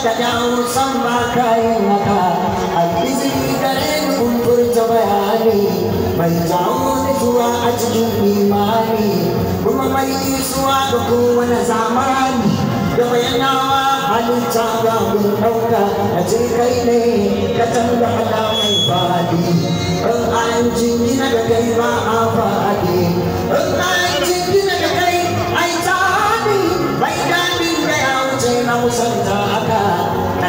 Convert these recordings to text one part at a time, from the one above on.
shaɗan musamman kayan maka alfizin kare kumfurta bayani mai zawo da zuwa a cikin imani kuma mai isuwa ga kowane zamani da bayanawa halitta ga mun ɗauka a ce kai ne ka canza hada mai faɗi in an jingina da kai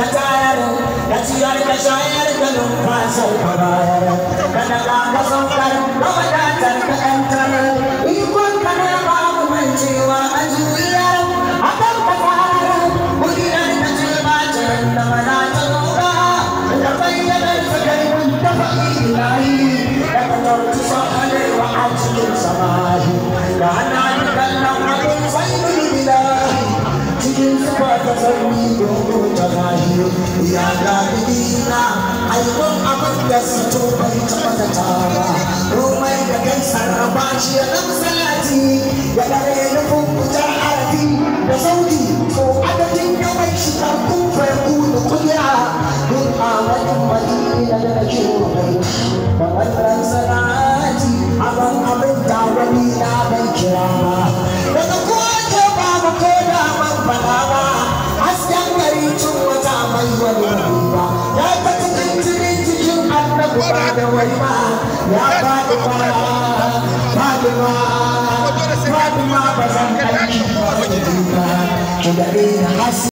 Kata i ka shayar da numfasin ka bayar, ka daga sanyi domin da gashi ya gabi na aikon abin da su to bai taɓa da ta ba romai da kai sarrafa shi ya nan salati ya dare na kumbutar arabi da saudi ko adadin da mai shiga kumfai kudu kuya duk a wani madina da na ce wa kai babban sanati abin abin da wani na bai kira ba daga kowace babu ko da ban faɗa ba zuwa ne ba ya ta cikin cikin cikin annabi ba da waima ya ba da fara fatima fatima ba zan kai ba da hasi